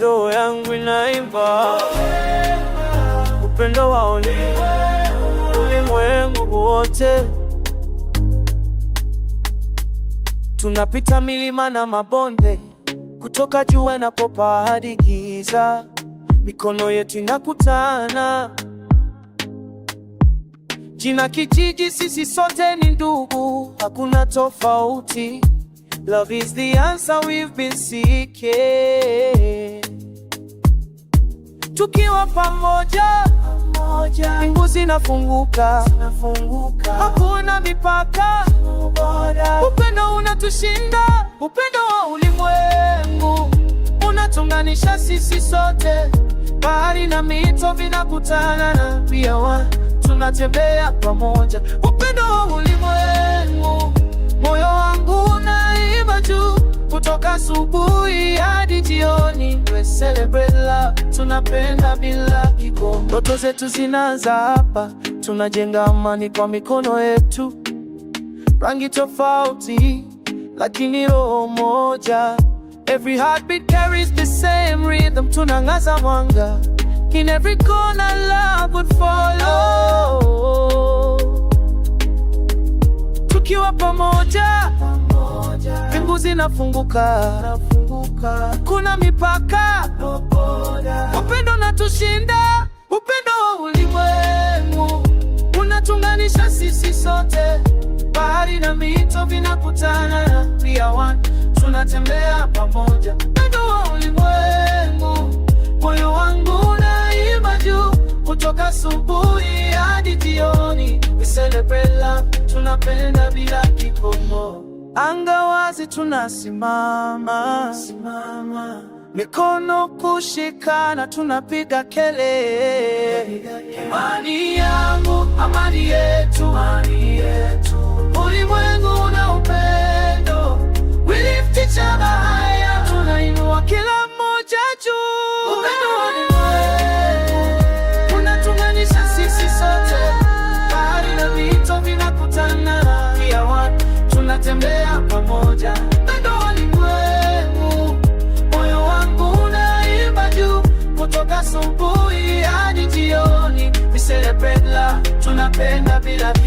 Roho yangu inaimba upendo wa ulimwengu wote. Tunapita milima na mabonde, kutoka jua na popa hadi giza, mikono yetu inakutana Mji na kijiji, sisi sote ni ndugu, hakuna tofauti. Love is the answer we've been seeking. Tukiwa pamoja, pamoja, mbingu zinafunguka, hakuna mipaka, upendo unatushinda, upendo wa ulimwengu unatunganisha sisi sote, bahari na mito vinakutana na wa tunatembea pamoja, upendo wa ulimwengu, moyo wangu unaimba juu, kutoka asubuhi hadi jioni, we celebrate love, tunapenda bila kikomo. Ndoto zetu zinaanza hapa, tunajenga amani kwa mikono yetu, rangi tofauti lakini roho moja, every heartbeat carries the same rhythm, tunangaza mwanga In every corner love would follow. Tukiwa pamoja, mbingu zinafunguka, kuna mipaka, upendo natushinda, upendo wa ulimwengu unatunganisha sisi sote, bahari na mito vinakutana, pia wan tunatembea pamoja, upendo wa ulimwengu asubuhi hadi jioni, we celebrate love, tunapenda bila kikomo. Anga wazi tunasimama simama, mikono kushikana, tunapiga kele, imani yangu, amani yetu, amani yetu. kutembea pamoja pendo walimwengu, moyo wangu unaimba juu kutoka asubuhi hadi jioni, miserepela tunapenda bila